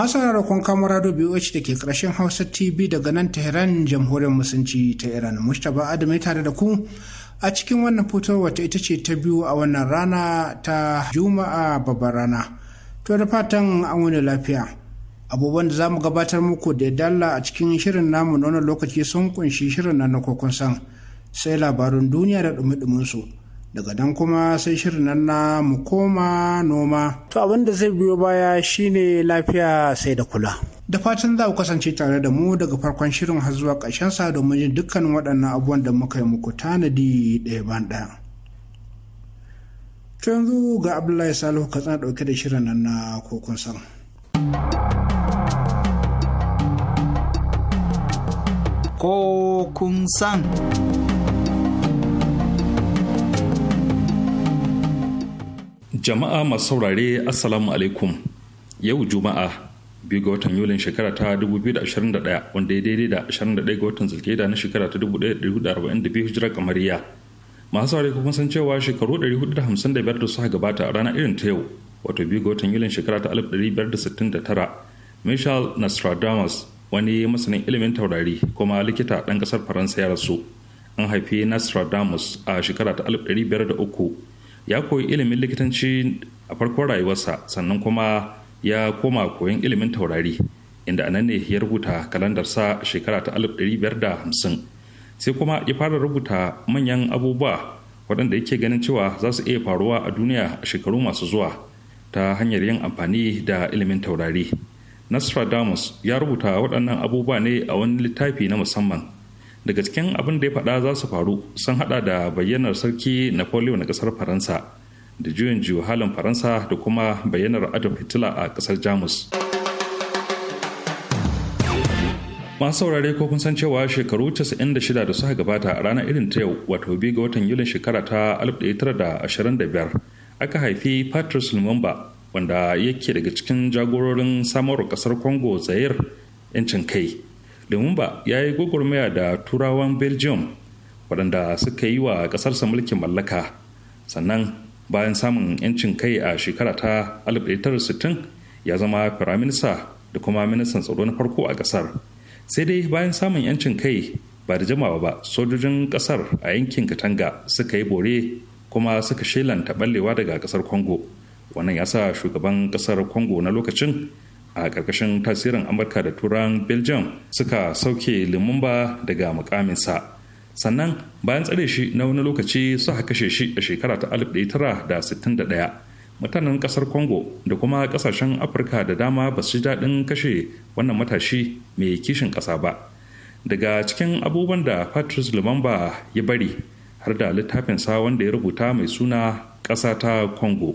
masu rarrakon kamar rado BOH da ke ƙarshen Hausa TV daga nan Tehran jamhuriyar musulunci ta Iran. Mustapha Adam tare da ku a cikin wannan fitowar wata ita ce ta biyu a wannan rana ta Juma'a babbar rana. To da fatan an wani lafiya. Abubuwan da za mu gabatar muku da dalla a cikin shirin namu na wannan lokaci sun kunshi shirin nan na san sai labarun duniya da ɗumi ɗuminsu su. daga nan kuma sai shirin nan na mu koma noma to abin da zai biyo baya shine lafiya sai da kula da fatan za ku kasance tare da mu daga farkon shirin har zuwa ƙarshen sa domin jin dukkanin waɗannan abubuwan da muka yi muku tanadi ɗaya ban ɗaya to yanzu ga abdullahi salihu katsina ɗauke da shirin nan na kokon san ko kun san. jama'a masu saurare assalamu alaikum yau juma'a biyu ga watan yulin shekara ta 2021 wanda ya daidai da 21 ga watan da na shekara ta 1442 hijirar kamariya masu saurare kuma san cewa shekaru 455 da suka gabata a ranar irin ta yau wato biyu ga watan yulin shekara ta 1569 michel nostradamus wani masanin ilimin taurari kuma likita ɗan ƙasar faransa ya rasu an haifi nostradamus a shekara ta 1503 ya koyi ilimin likitanci a farkon rayuwarsa sannan kuma ya koma koyon ilimin taurari inda anan ne ya rubuta kalandarsa shekara ta 1550 sai kuma ya fara rubuta manyan abubuwa waɗanda yake ganin cewa za su iya faruwa a duniya a shekaru masu zuwa ta hanyar yin amfani da ilimin taurari nostradamus ya rubuta waɗannan abubuwa ne a wani littafi na musamman daga cikin abin da ya faɗa za su faru sun hada da bayyanar sarki napoleon na ƙasar faransa da juyin juyo halin faransa da kuma bayyanar adolf hitler a kasar jamus masu saurare ko kun san cewa shekaru 96 da suka gabata a ranar irin ta yau wato biyu ga watan yulin shekara ta 1925 aka haifi patrice lumumba wanda yake daga cikin jagororin samarwa kasar congo zaire 'yancin kai lumumba ya yi gwagwarmaya da turawan belgium waɗanda suka yi wa ƙasarsa mulkin mallaka sannan bayan samun 'yancin kai a shekara ta 1960 ya zama firaminista da kuma ministan tsaro na farko a ƙasar sai dai bayan samun 'yancin kai ba da jamawa ba sojojin ƙasar a yankin katanga suka yi bore kuma suka shelanta ɓallewa daga ƙasar kongo wannan ya sa shugaban ƙasar kongo na lokacin a ƙarƙashin tasirin amurka da turan belgium suka sauke lumumba daga mukaminsa sannan bayan tsare shi na wani lokaci suka kashe shi a shekara ta 1961 mutanen ƙasar congo da kuma ƙasashen afirka da dama ba su ji daɗin kashe wannan matashi mai kishin ƙasa ba daga cikin abubuwan da patrice lumumba ya bari har da littafinsa wanda ya rubuta mai suna ƙasa ta congo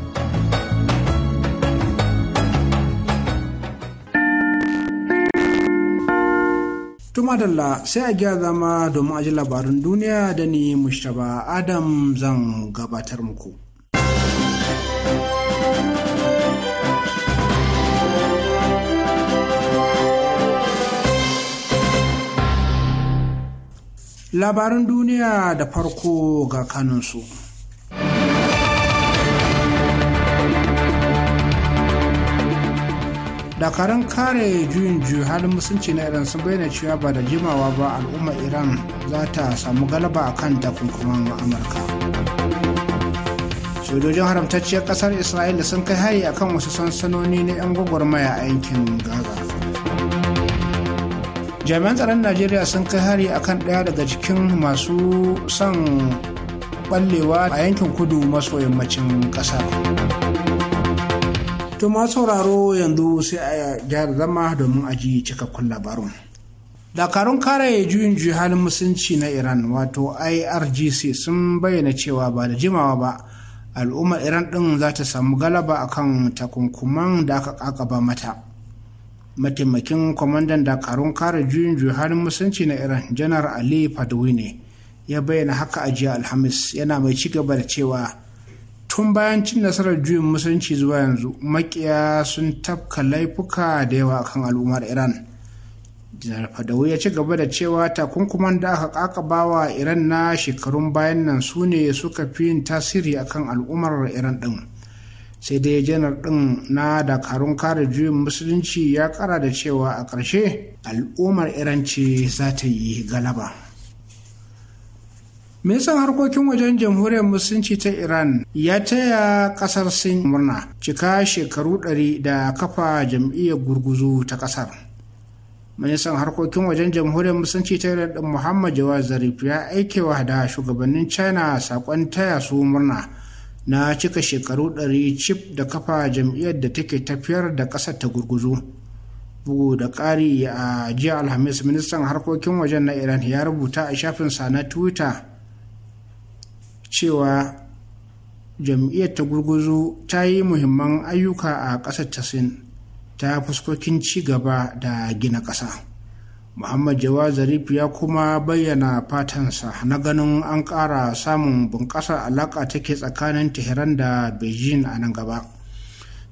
Tuma la sai a gyara zama domin aji labarin duniya da ni Mustapha Adam zan gabatar muku. Labarin duniya da farko ga kanunsu. dakarun kare juyin juyin halin musulunci na iran sun bayyana cewa ba da jimawa ba al'ummar iran za ta samu galaba a kan takunkuman amurka sojojin haramtacciyar kasar isra'ila sun kai hari akan wasu sansanoni na 'yan gwagwarmaya a yankin gaza jami'an tsaron najeriya sun kai hari akan ɗaya daga cikin masu son ɓallewa a yankin kudu maso yammacin ƙasa. To ma sauraro yanzu sai a gyara zama domin aji cikakkun labarun. Dakarun kare juyin juyi halin musulunci na Iran wato IRGC sun bayyana cewa ba da jimawa ba al'ummar Iran ɗin za ta samu galaba akan takunkuman da aka kakaba mata. Mataimakin kwamandan dakarun kare juyin juyi halin musulunci na Iran janar Ali Fadwini ya bayyana haka a jiya Alhamis yana mai ci gaba da cewa tun bayan cin nasarar juyin musulunci zuwa yanzu makiya sun tafka laifuka da yawa a kan al'ummar iran janar fadawu ya ci gaba da cewa takunkuman da aka kakaba wa iran na shekarun bayan nan su ne suka fi yin tasiri akan al'ummar iran din sai dai janar din na dakarun kare juyin musulunci ya kara da cewa a ƙarshe al'ummar iran ce za ta yi galaba Ministan harkokin wajen jamhuriyar musulunci ta Iran ya taya kasar Sin murna cika shekaru ɗari da kafa jam'iyyar gurguzu ta kasar. Ministan harkokin wajen jamhuriyar musulunci ta Iran ɗin Muhammad Jawad Zarif ya aikewa da shugabannin China saƙon taya su murna na cika shekaru ɗari cif da kafa jam'iyyar da take tafiyar da ƙasar ta gurguzu. bugu da ƙari a jiya alhamis ministan harkokin wajen na iran ya rubuta a shafinsa na twitter cewa jam'iyyar ta gurguzu ta yi muhimman ayyuka a ƙasar ta sin ta fuskokin ci gaba da gina ƙasa muhammad jawa zarif ya kuma bayyana fatansa na ganin an ƙara samun bunƙasar alaƙa take tsakanin tehran da beijing a nan gaba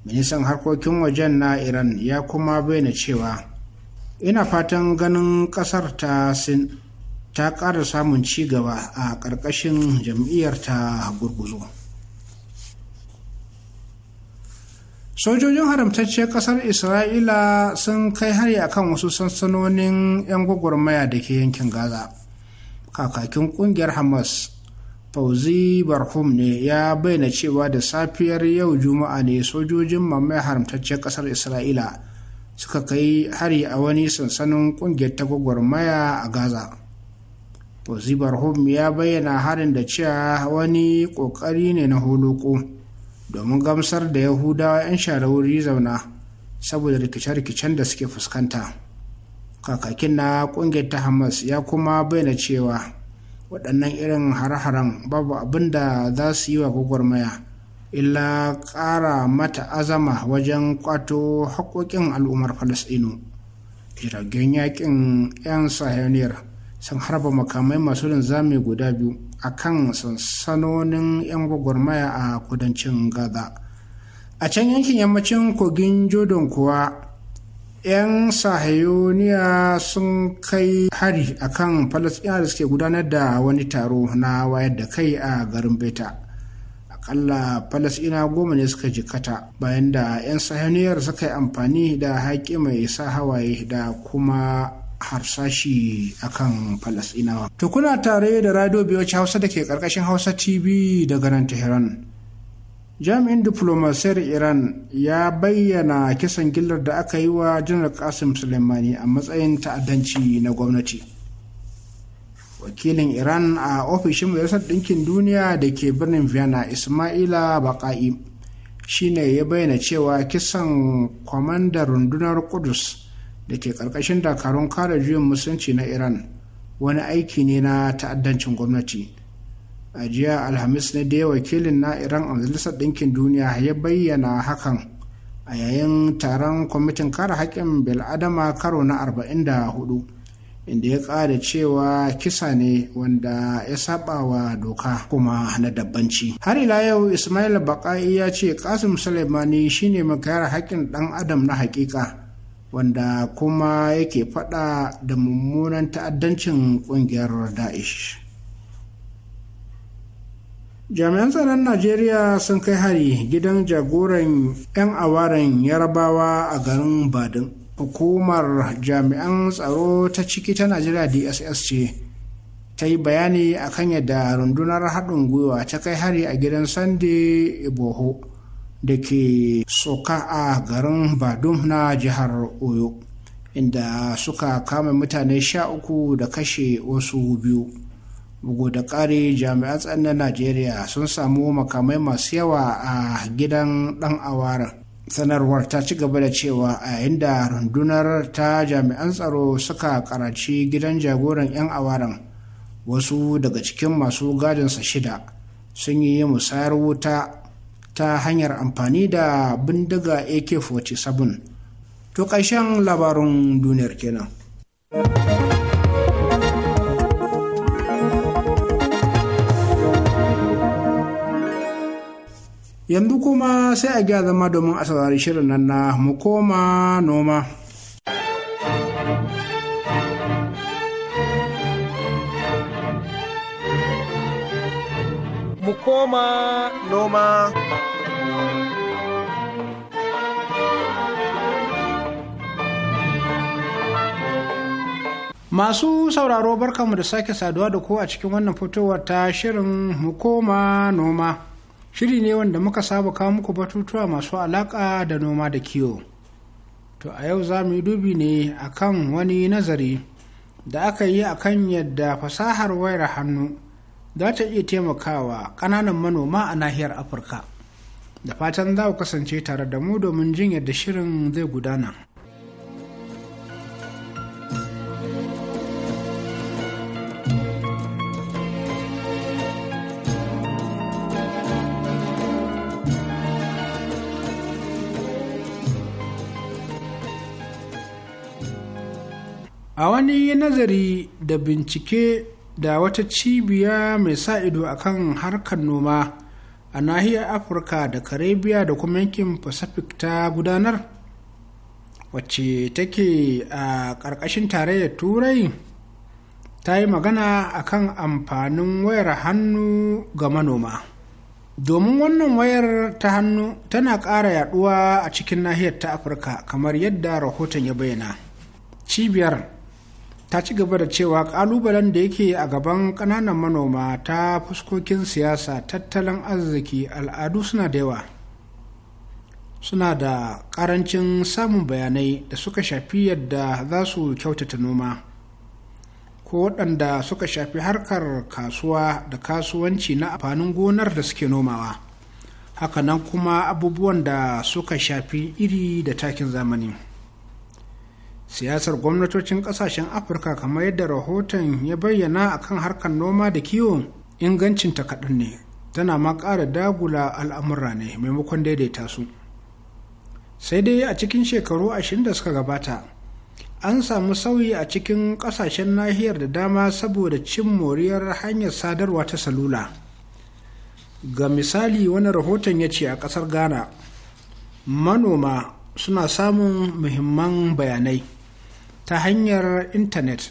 ministan harkokin wajen na iran ya kuma bayyana cewa ina fatan ganin ƙasar ta sin ta ƙara samun ci gaba a ƙarƙashin jam'iyyar ta gurguzo sojojin haramtacce ƙasar isra'ila sun kai hari akan wasu sansanonin 'yan gwagwarmaya da ke yankin gaza kakakin ƙungiyar hamas fauzi barhum ne ya bayyana cewa da safiyar yau juma'a ne sojojin mamaye haramtacce ƙasar isra'ila suka kai hari a wani sansanin ƙungiyar ta gwagwarmaya a gaza Home ya bayyana harin da cewa wani ƙoƙari ne na holoko domin gamsar da Yahudawa 'yan share wuri zauna saboda rikice-rikicen da suke fuskanta. Kakakin na ƙungiyar ta Hamas ya kuma bayyana cewa waɗannan irin har-haren babu abin da za su yi wa gwagwarmaya illa ƙara mata azama wajen kwato haƙoƙin al'ummar falasɗinu jiragen yaƙin 'yan sahaniyar sun harba makamai masu linzami guda biyu a kan sansanonin 'yan gwagwarmaya a kudancin gaza a can yankin yammacin kogin jordan kuwa 'yan sahayoniya sun kai hari a kan falasɗina da suke gudanar da wani taro na wayar da kai a garin beta akalla falasina goma ne suka jikata bayan da 'yan sahaniyar suka yi amfani da haƙi mai sa hawaye da kuma harsashi akan falasinawa to kuna tare da radio biyoci hausa da ke karkashin hausa tv daga nan tehran jami'in diplomasiyar iran ya bayyana kisan gillar da aka yi wa janar kasim suleimani a matsayin ta'addanci na gwamnati wakilin iran a ofishin majalisar ɗinkin duniya da ke birnin vienna ismaila baka'i shine ya bayyana cewa kisan kwamandar rundunar kudus da ke ƙarƙashin dakarun kare juyin musulunci na iran wani aiki ne na ta'addancin gwamnati a jiya alhamis na da wakilin na iran a majalisar ɗinkin duniya ya bayyana hakan a yayin taron kwamitin kare haƙƙin bil'adama karo na 44 inda ya ƙara cewa kisa ne wanda ya saba wa doka kuma na dabbanci har ila yau ismail baƙa'i ya ce kasim suleimani shine mai kare haƙƙin ɗan adam na haƙiƙa wanda kuma yake fada da mummunan ta'addancin kungiyar daesh jami'an tsaron najeriya sun kai hari gidan jagoran 'yan awaren yarabawa a garin badin hukumar jami'an tsaro ta ciki ta najeriya dss ce ta yi bayani akan yadda rundunar haɗin gwiwa ta kai hari a gidan sande iboho da ke soka a garin badum na jihar oyo inda suka kama mutane sha uku da kashe wasu biyu bugu da ƙari jami'an na najeriya sun samu makamai masu yawa a gidan ɗan awara sanarwar ta ci gaba da cewa a yayin da rundunar ta jami'an tsaro suka karaci gidan jagoran 'yan awaran wasu daga cikin masu gadinsa shida sun yi musayar wuta ta hanyar amfani da bindiga ak-47 to ƙarshen labarin duniyar kenan. yanzu kuma sai a gya zama domin a saurari shirin nan na mu noma. Mu noma. Masu sauraro barkanmu da sake saduwa da ku a cikin wannan fitowar ta shirin mukoma noma. Shiri ne wanda muka saba kawo muku batutuwa masu alaƙa da noma da kiwo. To a yau za mu yi dubi ne akan wani nazari da aka yi akan yadda fasahar wayar hannu za ta iya taimakawa ƙananan manoma a nahiyar Afirka. Da fatan za ku kasance tare da mu domin jin yadda shirin zai gudana. a wani nazari da bincike da wata cibiya mai sa ido akan harkar noma a nahiyar afirka da karibiya da kuma yankin pacific ta gudanar wacce take a ƙarƙashin tarayyar turai ta yi magana akan amfanin wayar hannu ga manoma domin wannan wayar ta hannu tana ƙara yaduwa a cikin nahiyar ta afirka kamar yadda rahoton ya bayyana cibiyar ta ci gaba da cewa kalubalen da yake a gaban ƙananan manoma ta fuskokin siyasa tattalin arziki al'adu suna da yawa suna da ƙarancin samun bayanai da suka shafi yadda za su kyautata noma ko waɗanda suka shafi harkar kasuwa da kasuwanci na amfanin gonar da suke nomawa hakanan kuma abubuwan da suka shafi iri da takin zamani. siyasar gwamnatocin kasashen afirka kamar yadda rahoton ya bayyana akan harkar noma da kiwo ingancinta kaɗan ne tana ma ƙara dagula al'amura ne maimakon daidaita su sai dai a cikin shekaru ashirin da suka gabata an samu sauyi a cikin ƙasashen nahiyar da dama saboda cin moriyar hanyar sadarwa ta salula ga misali wani rahoton ya ce a ƙasar ghana manoma suna samun muhimman bayanai ta hanyar intanet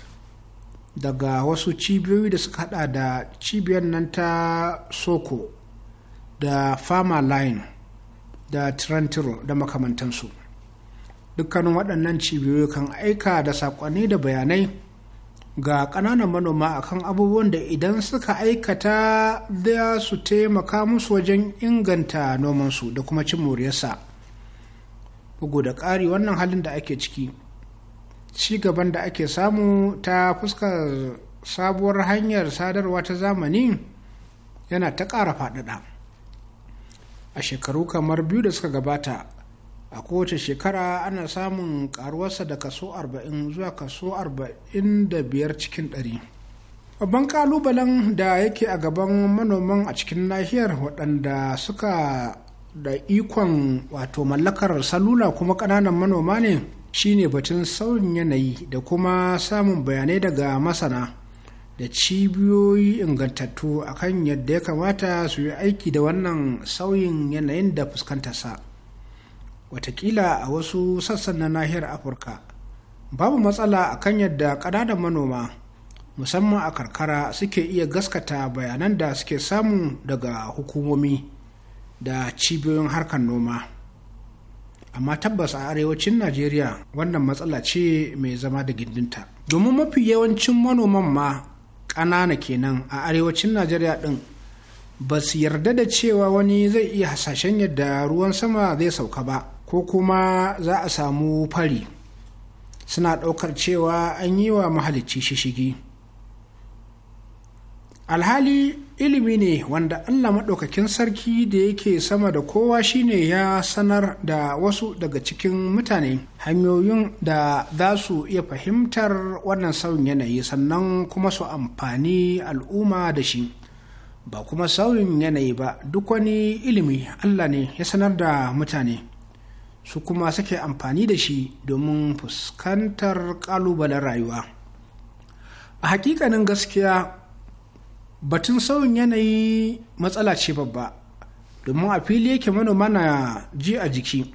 daga wasu cibiyoyi da suka hada da cibiyar nan ta soko da fama line da trentiro da makamantansu dukkanin waɗannan cibiyoyi kan aika da saƙonni da bayanai ga ƙananan manoma akan abubuwan da idan suka aikata za su taimaka musu wajen inganta nomansu da kuma cin moriyarsa bugu da ƙari wannan halin da ake ciki ci gaban da ake samu ta fuskar sabuwar hanyar sadarwa ta zamani yana ta ƙara faɗaɗa a shekaru kamar biyu da suka gabata a kowace shekara ana samun ƙaruwarsa da kaso 40 zuwa kaso 45 cikin 100 babban ƙalubalen da yake a gaban manoman a cikin nahiyar waɗanda suka da ikon wato mallakar salula kuma ƙananan manoma ne shine batun saurin yanayi da kuma samun bayanai daga masana da cibiyoyi ingantattu akan yadda ya kamata su yi aiki da wannan sauyin yanayin da fuskantarsa watakila a wasu sassan na nahiyar afirka babu matsala akan yadda ƙananan manoma musamman a karkara suke iya gaskata bayanan da suke samu daga hukumomi da cibiyoyin harkar noma. amma tabbas a arewacin najeriya wannan matsala ce mai zama da gindinta domin mafi yawancin manoman ma ƙanana kenan a arewacin najeriya ɗin ba su yarda da cewa wani zai iya hasashen yadda ruwan sama zai sauka ba ko kuma za a samu fari suna ɗaukar cewa an yi wa mahalicci shishigi alhali ilimi ne wanda allah maɗaukakin sarki da yake sama da kowa shine ya sanar da wasu daga cikin mutane hanyoyin da za su iya fahimtar wannan sauyin yanayi sannan kuma su amfani al'umma da shi ba kuma sauyin yanayi ba duk wani ilimi allah ne ya sanar da mutane su kuma suke amfani da shi domin fuskantar ƙalubalen rayuwa a hakikanin gaskiya batun sauyin yanayi matsala ce babba domin a fili yake manoma na ji a jiki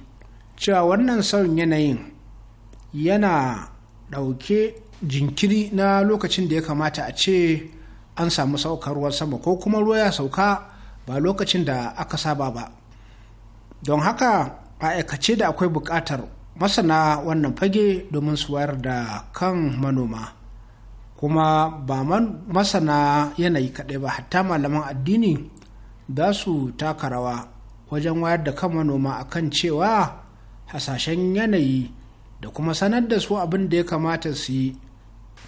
cewa wannan sauyin yanayin yana ɗauke jinkiri na lokacin da ya kamata a ce an samu saukar ruwan sama ko kuma ruwa ya sauka ba lokacin da aka saba ba don haka a aikace da akwai buƙatar masana wannan fage domin su wayar da kan manoma. kuma ba masana yanayi kaɗai ba hatta malaman addini za su taka rawa wajen wayar da kan manoma a kan cewa hasashen yanayi da kuma sanar da su abin da ya kamata su yi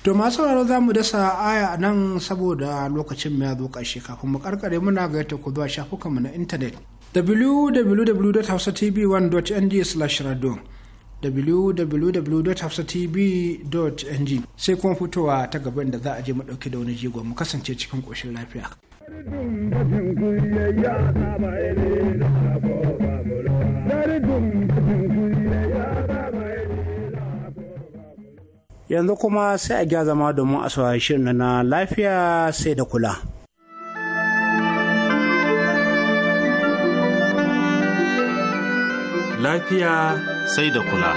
to masu wani za mu dasa aya nan saboda lokacin ya zo ƙarshe kafin mu karkare muna ga yadda ku zuwa shafukanmu na intanet www.hausatv1.ng/radio www.hafsatv.ng sai kuma fitowa ta gaban da za a je mu da wani jigo mu kasance cikin koshin lafiya. Yanzu kuma sai a gya zama domin a saurari shirin na lafiya sai da kula. Lafiya sai da kula.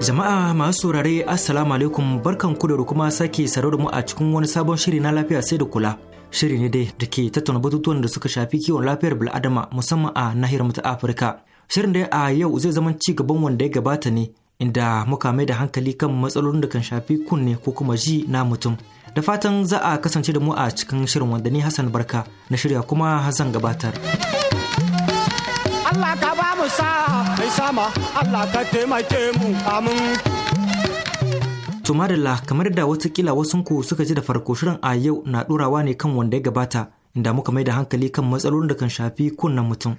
Jama'a masu saurare Assalamu alaikum barkan ku da kuma sake sarar mu a cikin wani sabon shiri na lafiya sai da kula. Shiri ne dai da ke tattauna batutuwan da suka shafi kiwon lafiyar bil'adama musamman a nahiyar mu ta Afirka. Shirin dai a yau zai zama ci gaban wanda ya gabata ne inda muka mai da hankali kan matsalolin da kan shafi kunne ko kuma ji na mutum. Da fatan za a kasance da mu a cikin shirin wanda ni Hassan Barka na shirya kuma zan gabatar. mu sa mai sama Allah ka taimake mu amin. To madalla kamar da watakila wasunku suka ji da farko shirin a yau na ɗorawa ne kan wanda ya gabata inda muka mai da hankali kan matsalolin da kan shafi kunnen mutum.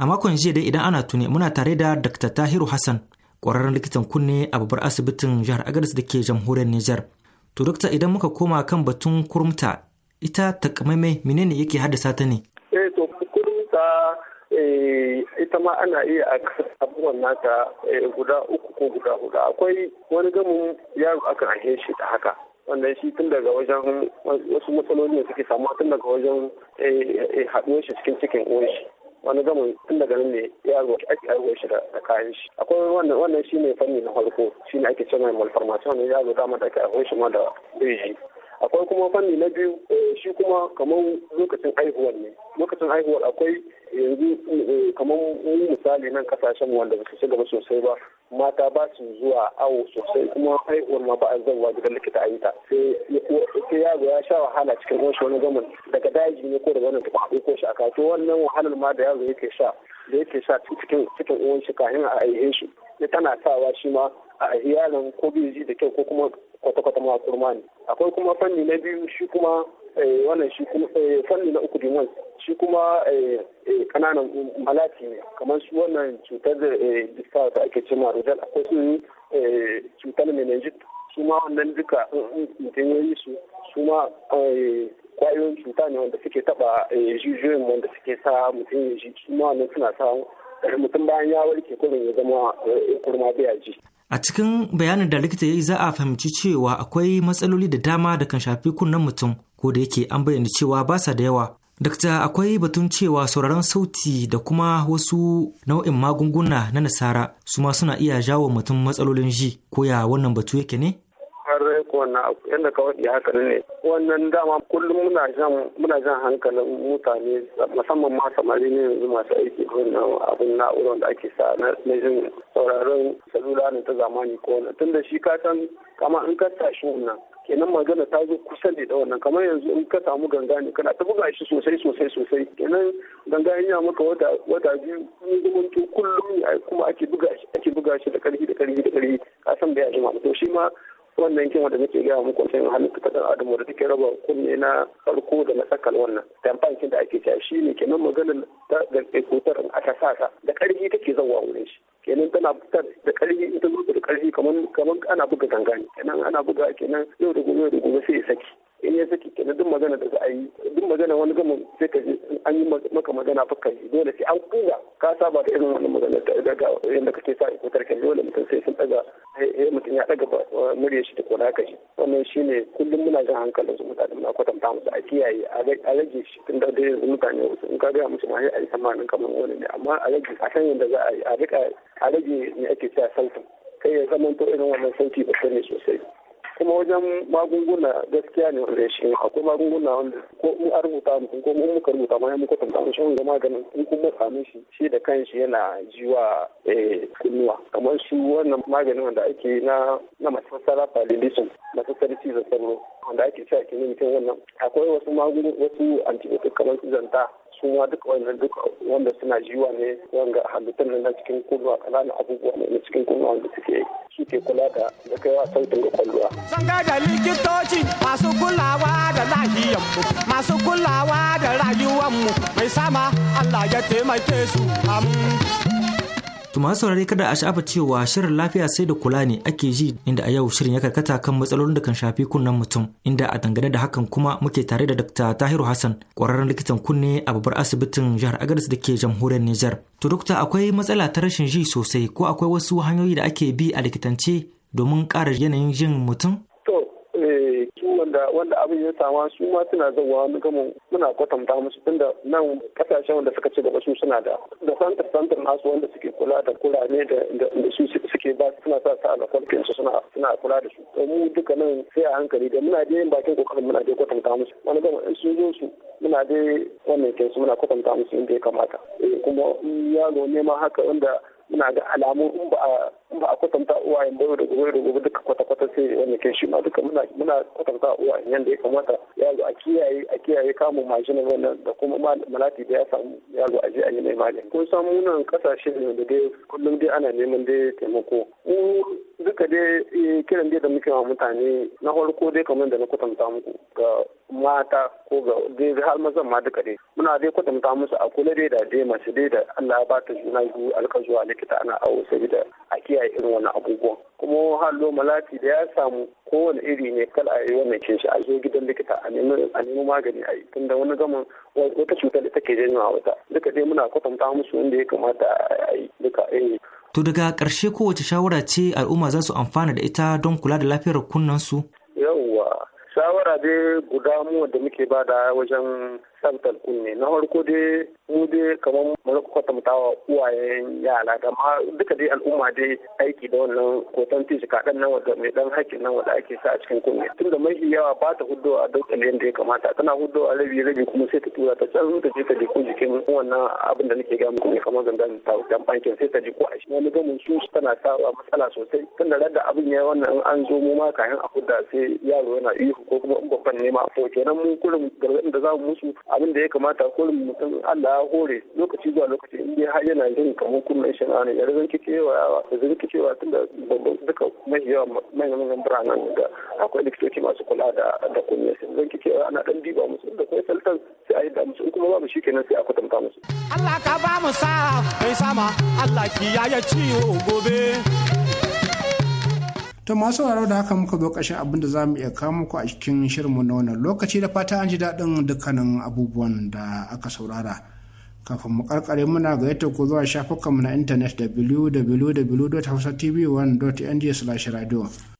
A makon jiya dai idan ana tuni muna tare da Dr. Tahiru Hassan ƙwararren likitan kunne a babbar asibitin jihar Agadez da ke jamhuriyar Nijar. To dokta idan muka koma kan batun kurumta ita takamaimai menene yake haddasa ta ne? Eh, ita ma ana iya a abubuwan nata eh, guda uku ko guda huda akwai wani gamin yaro aka ahe shi da haka wannan shi tun daga wajen wasu matsaloli da suke samuwa tun daga wajen eh, haɗuwar shi cikin cikin uwan shi wani gamin tun daga nan ne yaro ake aiwuwar shi da kayan shi akwai wannan shi ne fanni na farko shi ne ake cewa malformation wani yaro dama da ake aiwuwar shi ma da bai akwai kuma fanni na biyu eh, shi kuma kamar lokacin haihuwar ne lokacin haihuwar akwai yanzu eh, kamar misali nan kasashen wanda ba su ci gaba sosai ba mata ba su zuwa awo sosai kuma haihuwar ma ba a zauwa gidan likita ayi ta. sai yaro ya sha wahala cikin wanshi wani zaman daga daji ne ko da wani ta ko shi a kato wannan wahalar ma da yaro yake sha da yake sha cikin cikin uwan shi kafin a aihe shi ne tana sawa shi ma a yaron ko bai ji da kyau ko kuma kwata-kwata ma kurma ne akwai kuma fanni na biyu shi kuma eh, wannan shi kuma eh, fanni na uku dimuwan shi kuma kananan eh, malati ne kamar su wannan cutar da bisa da ake cema rojal akwai su cutar meningit su ma wannan duka mutum ya yi su su ma kwayoyin cuta ne wanda suke taba jijiyoyin wanda suke sa mutum ya ji su ma wannan suna sa Eh, mutum bayan ya warke kurin ya zama eh, kurma bai ji. A cikin bayanin da likita ya yi za a fahimci cewa akwai matsaloli da dama da kan shafi kunnen mutum ko da yake an bayyana cewa ba sa da yawa. Dakta akwai batun cewa sauraron sauti da kuma wasu nau'in magunguna na nasara su ma suna iya jawo mutum matsalolin ji ko ya wannan batu yake ne? wannan abu yadda kawai ya haka ne wannan dama kullum muna jan muna jan hankalin mutane musamman ma samari ne yanzu masu aiki wannan abin na'urar da ake sa na jin sauraron salula ne ta zamani ko wannan tunda shi ka san kama in ka tashi wannan kenan magana ta zo kusa ne da wannan kamar yanzu in ka samu ganga ne kana ta buga shi sosai sosai sosai kenan ganga yana maka wata wata biyu ne zaman to kullum kuma ake buga shi ake buga shi da karfi da karfi da karfi ka san bai ajima to shi ma wannan kin wanda nake gaya muku kin halitta ta dan adam da take raba kunne na farko da na sakal wannan tamfan kin da ake cewa shine kenan maganar ta ga kotar a ta sasa da karfi take zawa wurin shi kenan tana fitar da karfi ita zo da karfi kaman kaman ana buga ganga kenan ana buga kenan yau da gobe da gobe sai ya saki in ya saki kenan duk magana da za a yi duk magana wani gama sai ka je an yi maka magana fa kai dole sai an kuga ka saba da irin wannan magana daga yadda kake sa ko tarkin dole mutum sai sun daga eh, mutum ya daga eh, murya shi da kona ka shi wannan shine kullum muna ga hankalin su mutane muna kwatanta musu a kiyaye a rage shi tun da dai yanzu mutane wasu in ka ga musu ma a yi tsammanin kamar wani ne amma a rage a san yanda za a yi a rage ne ake sa sautin kai ya zama to irin wannan sauti ba ne sosai kuma wajen magunguna gaskiya ne wanda shi akwai magunguna wanda ko mu a rubuta mu ko mu muka rubuta mu mu kwatanta mu shi ga maganin in kuma samu shi shi da kanshi yana jiwa eh, kunuwa. kamar su wannan maganin wanda ake na na masassara palidism masassar cizon sauro wanda ake cewa kinin wannan akwai wasu magunguna wasu antibiotics kamar su zanta su duk wannan duk wanda suna jiwa ne wanga halittun nan na cikin kana kananan abubuwa ne na cikin kunuwa wanda suke ke kula da da wa sautin ga kwallo. Zan ga da likitoci masu kulawa da lahiyanmu masu kulawa da rayuwanmu mai sama Allah ya taimake su. Amin. To masu saurare kada a sha'afa cewa shirin lafiya sai da kula ne ake ji inda a yau shirin ya karkata kan matsalolin da kan shafi kunnen mutum inda a dangane da hakan kuma muke tare da Dr. Tahiru Hassan ƙwararren likitan kunne a babbar asibitin jihar Agadez da ke jamhuriyar Nijar. To dokta akwai matsala ta rashin ji sosai ko akwai wasu hanyoyi da ake bi a likitance domin ƙara yanayin jin mutum? da wanda abin ya sama su ma suna zawa wani gamin muna kwatanta musu tunda nan kasashen wanda suka ci gaba su suna da da santar santar nasu wanda suke kula da ne da su suke ba suna sa sa alfarkin su suna kula da su to mu duka nan sai a hankali da muna da yin bakin kokarin muna da kwatanta musu wani gama in sun zo su muna da wannan kai su muna kwatanta musu inda ya kamata eh, kuma yalo ne ma haka wanda ina ga alamu ba a kwatanta uwayen ba da gobe da gobe duka kwata-kwata sai wani ke shi ma duka muna kwatanta uwayen yadda ya kamata yaro a kiyaye a kiyaye kamun mashinan wannan da kuma malati da ya samu yaro a je a yi mai magani kun samu nan kasashe ne da dai kullum dai ana neman dai taimako duka dai eh, kiran dai da muke wa mutane na farko dai kamar da na kwatanta muku ga mata ko ga dai har mazan ma duka dai muna dai kwatanta musu a kula dai da dai mace dai da Allah ya bata juna biyu alƙazuwa likita ana awo saboda a kiyaye irin wannan abubuwan kuma hallo malati da ya samu kowane iri ne kala a yi wannan kin shi a zo gidan likita a nemi magani a yi tunda wani gama wata cutar da take janyo a wata duka dai muna kwatanta musu wanda ya kamata a yi duka eh To daga ƙarshe kowace shawara ce al'umma za su amfana da ita don kula da lafiyar kunnansu? Yawwa, shawara dai guda mu da muke bada wajen tsabtar kunne na farko dai mu dai kamar mu kwatanta wa uwayen yara da ma duka dai al'umma dai aiki da wannan kotan tishi kaɗan nan wanda mai dan hakkin nan wanda ake sa a cikin kunne tunda mafi yawa ba ta hudu a daukar yadda ya kamata tana hudu a rabi rabi kuma sai ta tura ta can ta je ta je ko jikin wannan abin da nake gani kuma kamar zanga ta dan bankin sai ta je ko a shi wani gamin su tana sawa matsala sosai tunda da abin ya wannan an zo mu ma kayan a huda sai yaro yana ihu ko kuma in babban nema ko kenan mu kurin gargaɗin da za mu musu abin da ya kamata kurin mutum Allah ya hore lokaci zuwa lokaci in dai har yana jin kamar kullum shi ne ya rinki cewa ya rinki cewa da babban duka mai yawa manyan manyan biranen da akwai likitoci masu kula da da kunya sai rinki cewa ana dan diba musu da kai saltan sai a yi da musu kuma babu shikenan sai a kwatanta musu Allah ka ba mu sa mai sama Allah ki ciwo gobe To masu sauraro da haka muka zo ƙashin abin da za mu iya kawo muku a cikin shirinmu na wannan lokaci da fata an ji daɗin dukkanin abubuwan da aka saurara. Kafin mu karkare muna ga yadda ku zuwa shafukanmu na intanet www.hausatv1.ng/radio